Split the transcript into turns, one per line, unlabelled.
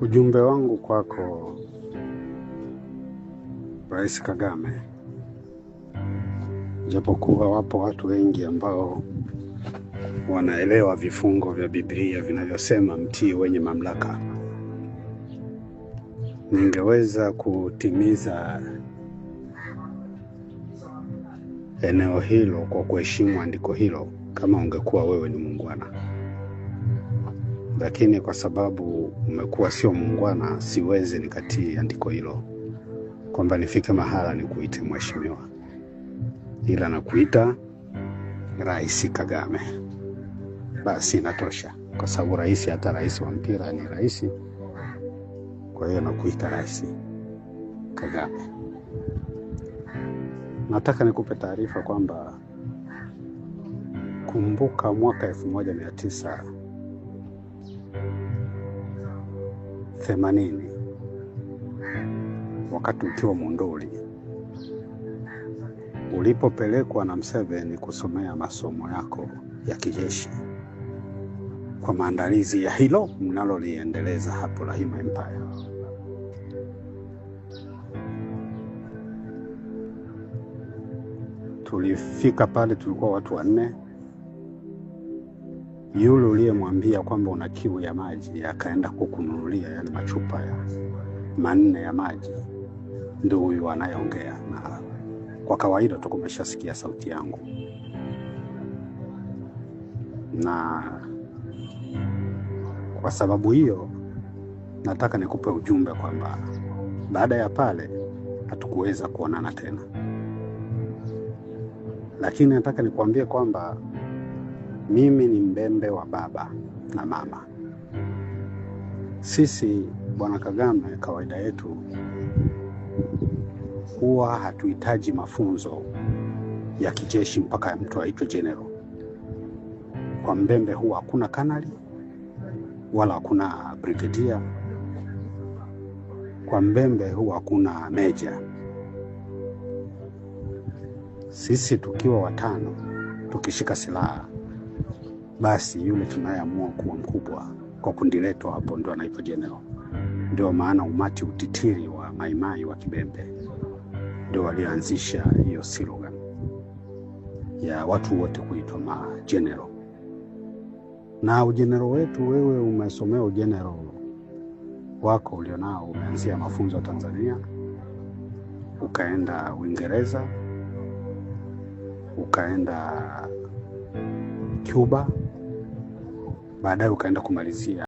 Ujumbe wangu kwako Rais Kagame, japokuwa wapo watu wengi ambao wanaelewa vifungo vya Biblia vinavyosema mtii wenye mamlaka, ningeweza kutimiza eneo hilo kwa kuheshimu andiko hilo kama ungekuwa wewe ni mungwana lakini kwa sababu umekuwa sio muungwana, siwezi nikatii andiko hilo kwamba nifike mahala nikuite mheshimiwa, ila nakuita Rais Kagame. Basi inatosha, kwa sababu rais, hata rais wa mpira ni rais. Kwa hiyo nakuita Rais Kagame. Nataka nikupe taarifa kwamba kumbuka, mwaka elfu moja mia tisa themanini wakati ukiwa Monduli ulipopelekwa na Mseveni kusomea masomo yako ya kijeshi kwa maandalizi ya hilo mnaloliendeleza hapo Hima Empire. Tulifika pale tulikuwa watu wanne yule uliyemwambia kwamba una kiu ya maji akaenda kukununulia yani machupa ya manne ya maji, ndio huyu anayeongea na kwa kawaida tu kumeshasikia sauti yangu na kwa sababu hiyo nataka nikupe ujumbe kwamba baada ya pale hatukuweza kuonana tena, lakini nataka nikuambie kwamba mimi ni mbembe wa baba na mama. Sisi Bwana Kagame, kawaida yetu huwa hatuhitaji mafunzo ya kijeshi mpaka ya mtu aitwe general. Kwa mbembe huwa hakuna kanali wala hakuna brigedia. Kwa mbembe huwa hakuna meja. Sisi tukiwa watano tukishika silaha basi yule tunayeamua kuwa mkubwa kwa kundi letu hapo ndo anaitwa general. Ndio maana umati utitiri wa maimai wa Kibembe ndio walioanzisha hiyo slogan ya watu wote kuitwa majenerali. Na ujenero wetu, wewe umesomea ujenero wako ulionao, umeanzia mafunzo Tanzania, ukaenda Uingereza, ukaenda Cuba baadaye ukaenda kumalizia